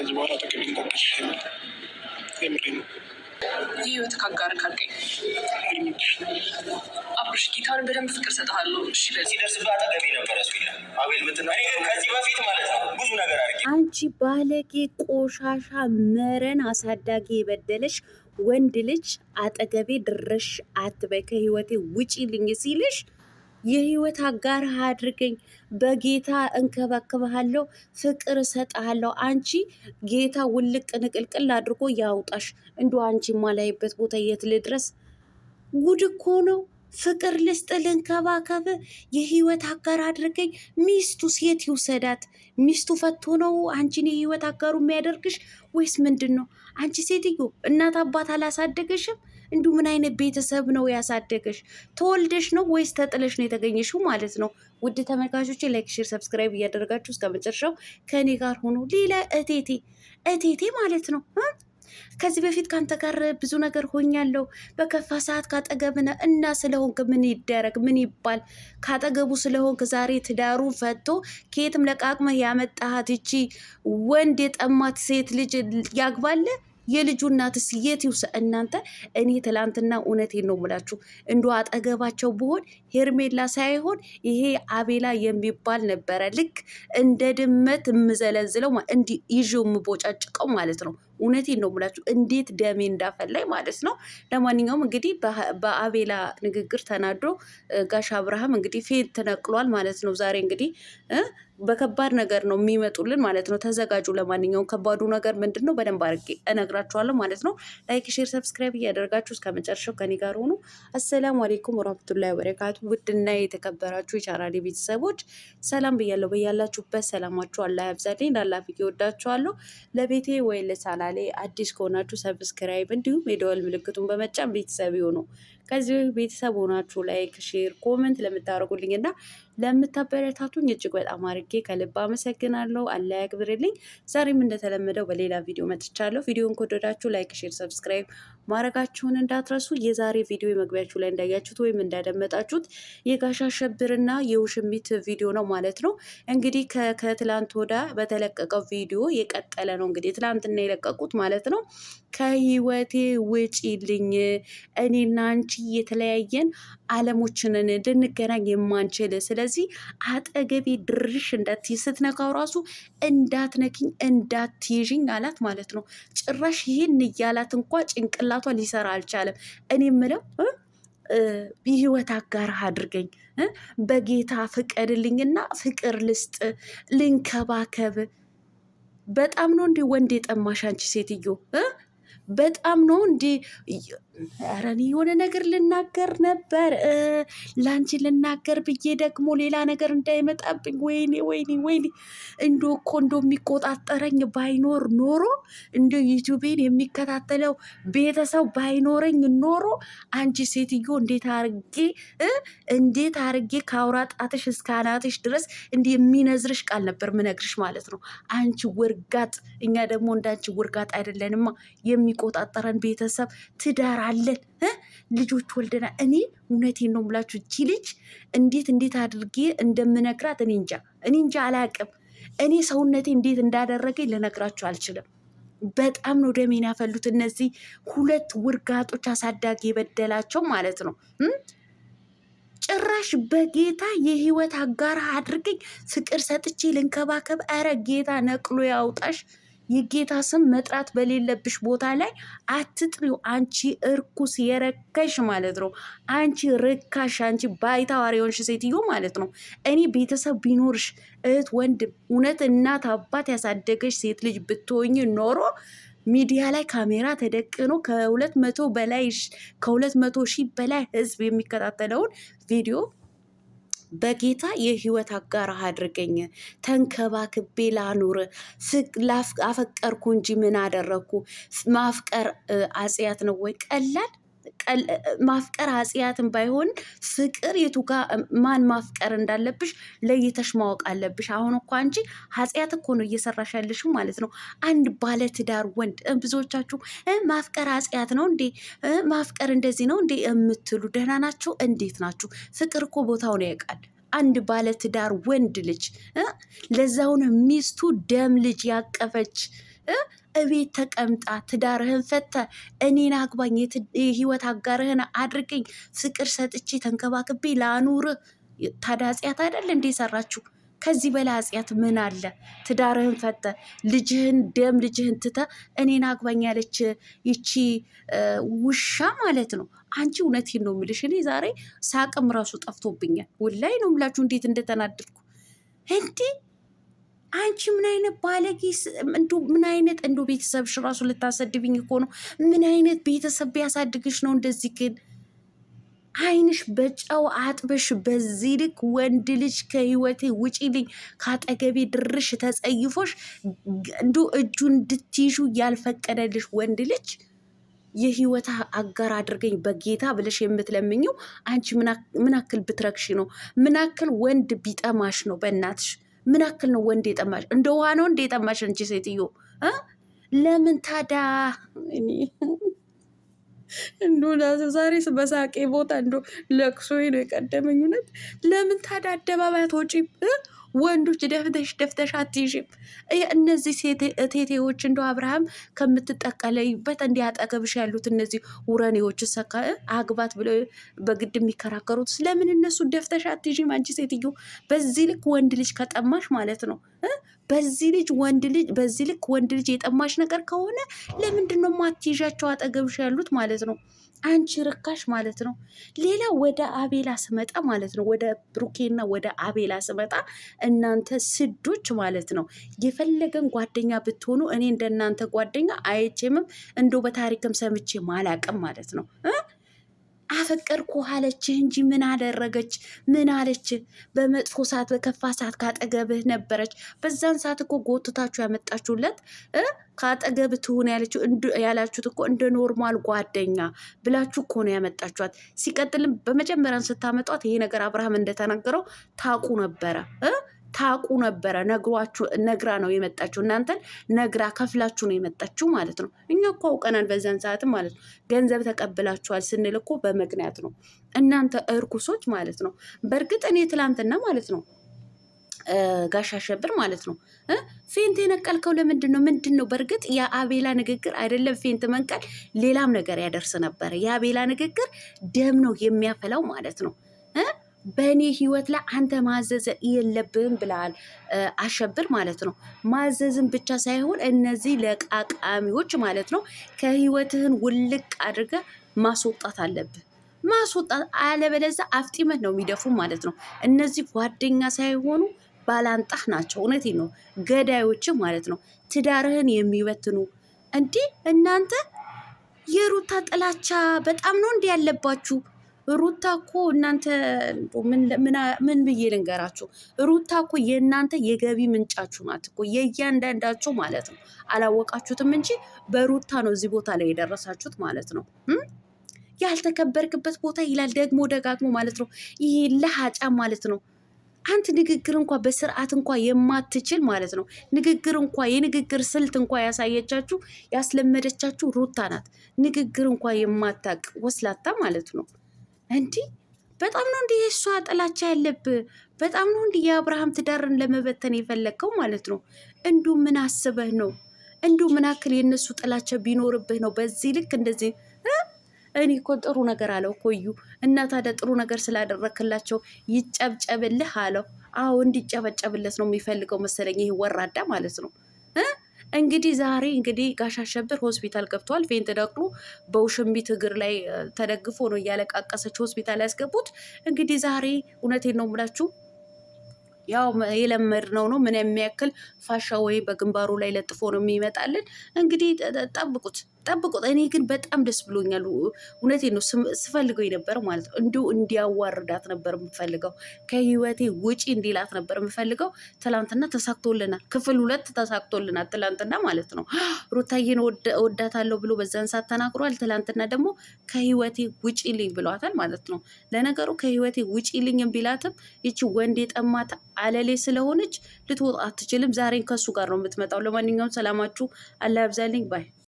ከዚህ በኋላ አጠገቤ እንዳትሽ የምሬ ነው። የህይወት ከጋር ካገኝ አብሮሽ ጌታን በደንብ ፍቅር ሰጥሃለሁ። እሺ አጠገቤ ነበረ አቤል ከዚህ በፊት ማለት ነው ብዙ ነገር አድርጌ አንቺ ባለጌ ቆሻሻ መረን አሳዳጊ የበደለሽ ወንድ ልጅ አጠገቤ ድረሽ አትበይ፣ ከህይወቴ ውጪ ልኝ ሲልሽ የህይወት አጋር አድርገኝ፣ በጌታ እንከባከብሃለሁ፣ ፍቅር እሰጥሃለሁ። አንቺ ጌታ ውልቅ ንቅልቅል አድርጎ ያውጣሽ። እንዶ አንቺ ማላይበት ቦታ የት ልድረስ? ጉድ እኮ ነው። ፍቅር ልስጥ፣ ልንከባከብ፣ የህይወት አጋር አድርገኝ። ሚስቱ ሴት ይውሰዳት። ሚስቱ ፈቶ ነው አንቺን የህይወት አጋሩ የሚያደርግሽ ወይስ ምንድን ነው? አንቺ ሴትዮ እናት አባት አላሳደገሽም? እንዱ ምን አይነት ቤተሰብ ነው ያሳደገሽ? ተወልደሽ ነው ወይስ ተጥለሽ ነው የተገኘሽው ማለት ነው? ውድ ተመልካቾች ላይክ፣ ሼር፣ ሰብስክራይብ እያደረጋችሁ እስከ መጨረሻው ከእኔ ጋር ሆኖ ሌላ እቴቴ እቴቴ ማለት ነው ከዚህ በፊት ከአንተ ጋር ብዙ ነገር ሆኛለሁ። በከፋ ሰዓት ካጠገብነ እና ስለሆንክ ምን ይደረግ ምን ይባል? ካጠገቡ ስለሆንክ ዛሬ ትዳሩን ፈቶ ከየትም ለቃቅመህ ያመጣሃት ይቺ ወንድ የጠማት ሴት ልጅ ያግባለህ የልጁ እናትስ የት ይውሰ? እናንተ እኔ ትላንትና እውነቴን ነው የምላችሁ፣ እንዶ አጠገባቸው ብሆን ሄርሜላ ሳይሆን ይሄ አቤላ የሚባል ነበረ ልክ እንደ ድመት የምዘለዝለው እንዲ ይዤው የምቦጫጭቀው ማለት ነው። እውነቴን ነው የምላችሁ እንዴት ደሜ እንዳፈላይ ማለት ነው። ለማንኛውም እንግዲህ በአቤላ ንግግር ተናዶ ጋሽ አብርሃም እንግዲህ ፌንት ተነቅሏል ማለት ነው። ዛሬ እንግዲህ በከባድ ነገር ነው የሚመጡልን ማለት ነው። ተዘጋጁ። ለማንኛውም ከባዱ ነገር ምንድን ነው? በደንብ አድርጌ እነግራችኋለሁ ማለት ነው። ላይክ፣ ሼር፣ ሰብስክራይብ እያደረጋችሁ እስከ መጨረሻው ከኔ ጋር ሆኑ። አሰላሙ አሌይኩም ወራህመቱላሂ ወበረካቱ። ውድና የተከበራችሁ የቻናሌ ቤተሰቦች ሰላም ብያለሁ። በያላችሁበት ሰላማችሁ አላህ ያብዛልኝ። ላላፊ ይወዳችኋለሁ። ለቤቴ ወይ ለሳላ ላይ አዲስ ከሆናችሁ ሰብስክራይብ እንዲሁም የደወል ምልክቱን በመጫን ቤተሰብ ይሁኑ። ከዚህ ቤተሰብ ሆናችሁ ላይክ፣ ሼር፣ ኮመንት ለምታደርጉልኝ እና ለምታበረታቱኝ እጅግ በጣም አድርጌ ከልብ አመሰግናለሁ። አላህ ያክብርልኝ። ዛሬም እንደተለመደው በሌላ ቪዲዮ መጥቻለሁ። ቪዲዮን ከወደዳችሁ ላይክ፣ ሼር፣ ሰብስክራይብ ማድረጋችሁን እንዳትረሱ። የዛሬ ቪዲዮ መግቢያችሁ ላይ እንዳያችሁት ወይም እንዳደመጣችሁት የጋሻ ሸብርና የውሽሚት ቪዲዮ ነው ማለት ነው። እንግዲህ ከትላንት ወዳ በተለቀቀው ቪዲዮ የቀጠለ ነው። እንግዲህ ትላንትና የለቀቁት ማለት ነው። ከህይወቴ ውጪልኝ እኔና አንቺ እየተለያየን አለሞችንን ልንገናኝ የማንችል ስለዚህ አጠገቤ ድርሽ እንዳትይ ስትነካው ራሱ እንዳትነኪኝ እንዳትይዥኝ አላት ማለት ነው። ጭራሽ ይህን እያላት እንኳ ጭንቅላቷ ሊሰራ አልቻለም። እኔ ምለው የህይወት አጋርህ አድርገኝ በጌታ ፍቀድልኝና ፍቅር ልስጥ ልንከባከብ። በጣም ነው እንዲህ ወንድ የጠማሽ አንቺ ሴትዮ። በጣም ነው እንዴ? ኧረ እኔ የሆነ ነገር ልናገር ነበር ለአንቺ ልናገር ብዬ ደግሞ ሌላ ነገር እንዳይመጣብኝ። ወይኔ ወይኔ ወይኔ እንዶ እኮ እንዶ የሚቆጣጠረኝ ባይኖር ኖሮ እንዶ ዩቱቤን የሚከታተለው ቤተሰብ ባይኖረኝ ኖሮ አንቺ ሴትዮ እንዴት አርጌ እንዴት አርጌ ከአውራ ጣትሽ እስከ አናትሽ ድረስ እንዲ የሚነዝርሽ ቃል ነበር ምነግርሽ ማለት ነው። አንቺ ውርጋጥ፣ እኛ ደግሞ እንዳንቺ ውርጋጥ አይደለንማ የሚ የሚቆጣጠረን ቤተሰብ ትዳር አለን፣ ልጆች ወልደና። እኔ እውነቴን ነው የምላችሁ እቺ ልጅ እንዴት እንዴት አድርጌ እንደምነግራት እኔ እንጃ እኔ እንጃ አላቅም። እኔ ሰውነቴ እንዴት እንዳደረገኝ ልነግራችሁ አልችልም። በጣም ነው ደሜን ያፈሉት እነዚህ ሁለት ውርጋጦች፣ አሳዳጊ የበደላቸው ማለት ነው። ጭራሽ በጌታ የህይወት አጋር አድርገኝ ፍቅር ሰጥቼ ልንከባከብ። ኧረ ጌታ ነቅሎ ያውጣሽ። የጌታ ስም መጥራት በሌለብሽ ቦታ ላይ አትጥሪው። አንቺ እርኩስ የረከሽ ማለት ነው። አንቺ ርካሽ፣ አንቺ ባይታዋሪ የሆንሽ ሴትዮ ማለት ነው። እኔ ቤተሰብ ቢኖርሽ እህት፣ ወንድም፣ እውነት እናት አባት ያሳደገሽ ሴት ልጅ ብትሆኝ ኖሮ ሚዲያ ላይ ካሜራ ተደቅኖ ከሁለት መቶ በላይ ከሁለት መቶ ሺህ በላይ ህዝብ የሚከታተለውን ቪዲዮ በጌታ የህይወት አጋራህ አድርገኝ፣ ተንከባክቤ ላኑር። አፈቀርኩ እንጂ ምን አደረግኩ? ማፍቀር አጽያት ነው ወይ? ቀላል ማፍቀር ኃጢአትን ባይሆን ፍቅር የቱ ማን ማፍቀር እንዳለብሽ ለይተሽ ማወቅ አለብሽ። አሁን እኮ አንቺ ኃጢአት እኮ ነው እየሰራሽ ያለሽ ማለት ነው። አንድ ባለትዳር ወንድ ብዙዎቻችሁ ማፍቀር ኃጢአት ነው እንዴ ማፍቀር እንደዚህ ነው እንዴ የምትሉ ደህና ናቸው? እንዴት ናችሁ? ፍቅር እኮ ቦታውን ያውቃል። አንድ ባለትዳር ወንድ ልጅ ለዛውን ሚስቱ ደም ልጅ ያቀፈች እቤት ተቀምጣ ትዳርህን ፈተ እኔን አግባኝ የህይወት አጋርህን አድርገኝ ፍቅር ሰጥቼ ተንከባክቤ ለአኑር ታዲያ ኃጢአት አይደል እንዴ ሰራችሁ? ከዚህ በላይ ኃጢአት ምን አለ? ትዳርህን ፈተ ልጅህን ደም ልጅህን ትተ እኔን አግባኝ ያለች ይቺ ውሻ ማለት ነው። አንቺ እውነቴን ነው የምልሽ፣ እኔ ዛሬ ሳቅም ራሱ ጠፍቶብኛል። ወላሂ ነው የምላችሁ እንዴት እንደተናደድኩ እንዲህ አንቺ ምን አይነት ባለጌ እንዱ ምን አይነት እንዱ ቤተሰብሽ ራሱ ልታሰድብኝ እኮ ነው። ምን አይነት ቤተሰብ ቢያሳድግሽ ነው እንደዚህ? ግን አይንሽ በጨው አጥበሽ በዚህ ልክ ወንድ ልጅ ከህይወቴ ልኝ ካጠገቤ ድርሽ ተጸይፎሽ እንዱ እጁ እንድትይዙ ያልፈቀደልሽ ወንድ ልጅ የህይወት አጋር አድርገኝ በጌታ ብለሽ የምትለምኘው አንቺ ምናክል ብትረክሽ ነው? ምናክል ወንድ ቢጠማሽ ነው? በእናትሽ ምን ያክል ነው ወንድ የጠማሽ? እንደ ውሃ ነው እንደ የጠማሽ? አንቺ ሴትዮ ለምን ታዳ እንዶላ ዛሬ በሳቄ ቦታ እንዶ ለቅሶ ነው የቀደመኝ። እውነት ለምን ታዳ አደባባያት ወጪ ወንዶች ደፍተሽ ደፍተሽ አትይዥም። እነዚህ ቴቴዎች እንደ አብርሃም ከምትጠቀለይበት እንዲህ አጠገብሽ ያሉት እነዚህ ውረኔዎች ሰካ አግባት ብለው በግድ የሚከራከሩት ስለምን እነሱ ደፍተሽ አትይዥም? አንቺ ሴትዮ በዚህ ልክ ወንድ ልጅ ከጠማሽ ማለት ነው በዚህ ልጅ ወንድ ልጅ በዚህ ልክ ወንድ ልጅ የጠማሽ ነገር ከሆነ ለምንድን ነው ማትይዣቸው አጠገብሽ ያሉት ማለት ነው? አንቺ ርካሽ ማለት ነው። ሌላ ወደ አቤላ ስመጣ ማለት ነው ወደ ብሩኬና ወደ አቤላ ስመጣ እናንተ ስዶች ማለት ነው የፈለገን ጓደኛ ብትሆኑ እኔ እንደናንተ ጓደኛ አይቼምም እንዶ በታሪክም ሰምቼ ማላቅም ማለት ነው። አፈቀርኩ አለችህ እንጂ ምን አደረገች? ምን አለች? በመጥፎ ሰዓት፣ በከፋ ሰዓት ካጠገብህ ነበረች። በዛን ሰዓት እኮ ጎትታችሁ ያመጣችሁለት ከአጠገብ ትሁን ያለችው ያላችሁት እኮ እንደ ኖርማል ጓደኛ ብላችሁ እኮ ነው ያመጣችኋት። ሲቀጥልም በመጀመሪያን ስታመጧት ይሄ ነገር አብርሃም እንደተናገረው ታውቁ ነበረ። ታቁ ነበረ ነግሯችሁ ነግራ ነው የመጣችሁ። እናንተን ነግራ ከፍላችሁ ነው የመጣችሁ ማለት ነው። እኛ እኮ አውቀናል በዛን ሰዓትም ማለት ነው። ገንዘብ ተቀብላችኋል ስንል እኮ በምክንያት ነው እናንተ እርኩሶች ማለት ነው። በእርግጥ እኔ ትላንትና ማለት ነው ጋሻ ሸብር ማለት ነው ፌንት የነቀልከው ለምንድን ነው? ምንድን ነው? በእርግጥ የአቤላ ንግግር አይደለም ፌንት መንቀል፣ ሌላም ነገር ያደርስ ነበረ። የአቤላ ንግግር ደም ነው የሚያፈላው ማለት ነው። በእኔ ህይወት ላይ አንተ ማዘዝ የለብህም ብለሃል አሸብር ማለት ነው። ማዘዝን ብቻ ሳይሆን እነዚህ ለቃቃሚዎች ማለት ነው ከህይወትህን ውልቅ አድርገህ ማስወጣት አለብህ ማስወጣት። አለበለዚያ አፍጢመት ነው የሚደፉ ማለት ነው። እነዚህ ጓደኛ ሳይሆኑ ባላንጣህ ናቸው። እውነቴን ነው፣ ገዳዮች ማለት ነው። ትዳርህን የሚበትኑ እንዲህ እናንተ የሩታ ጥላቻ በጣም ነው እንዲህ ያለባችሁ ሩታ እኮ እናንተ ምን ብዬ ልንገራችሁ? ሩታ እኮ የእናንተ የገቢ ምንጫችሁ ናት እኮ የእያንዳንዳችሁ ማለት ነው። አላወቃችሁትም እንጂ በሩታ ነው እዚህ ቦታ ላይ የደረሳችሁት ማለት ነው። ያልተከበርክበት ቦታ ይላል ደግሞ ደጋግሞ ማለት ነው። ይሄ ለሀጫ ማለት ነው። አንተ ንግግር እንኳ በስርዓት እንኳ የማትችል ማለት ነው። ንግግር እንኳ የንግግር ስልት እንኳ ያሳየቻችሁ ያስለመደቻችሁ ሩታ ናት። ንግግር እንኳ የማታቅ ወስላታ ማለት ነው። እንዲህ በጣም ነው እንዲህ እሷ ጥላቻ ያለብህ በጣም ነው እንዲህ የአብርሃም ትዳርን ለመበተን የፈለግከው ማለት ነው። እንዱ ምን አስበህ ነው? እንዱ ምን አክል የእነሱ ጥላቻ ቢኖርብህ ነው በዚህ ልክ እንደዚህ እኔ እኮ ጥሩ ነገር አለው ኮዩ እዩ እና ታዲያ ጥሩ ነገር ስላደረክላቸው ይጨብጨብልህ አለው። አዎ እንዲጨበጨብለት ነው የሚፈልገው መሰለኝ ይህ ወራዳ ማለት ነው። እንግዲህ ዛሬ እንግዲህ ጋሻ ሸብር ሆስፒታል ገብቷል። ቬንት ደቅሎ በውሽንቢት እግር ላይ ተደግፎ ነው እያለቃቀሰች ሆስፒታል ያስገቡት። እንግዲህ ዛሬ እውነቴን ነው የምላችሁ ያው የለመድ ነው። ነው ምን የሚያክል ፋሻ ወይ በግንባሩ ላይ ለጥፎ ነው የሚመጣልን። እንግዲህ ጠብቁት። ጠብቁ። እኔ ግን በጣም ደስ ብሎኛል። እውነቴ ነው ስፈልገው የነበር ማለት ነው። እንዲሁ እንዲያዋርዳት ነበር የምፈልገው። ከህይወቴ ውጪ እንዲላት ነበር የምፈልገው። ትላንትና ተሳክቶልናል። ክፍል ሁለት ተሳክቶልናል። ትላንትና ማለት ነው ሩታዬን ወዳታለሁ ብሎ በዛን ሰዓት ተናግሯል። ትላንትና ደግሞ ከህይወቴ ውጪ ልኝ ብሏታል ማለት ነው። ለነገሩ ከህይወቴ ውጪ ልኝ ቢላትም ይቺ ወንድ የጠማት አለሌ ስለሆነች ልትወጣ አትችልም። ዛሬን ከሱ ጋር ነው የምትመጣው። ለማንኛውም ሰላማችሁ አላህ ያብዛልኝ ባይ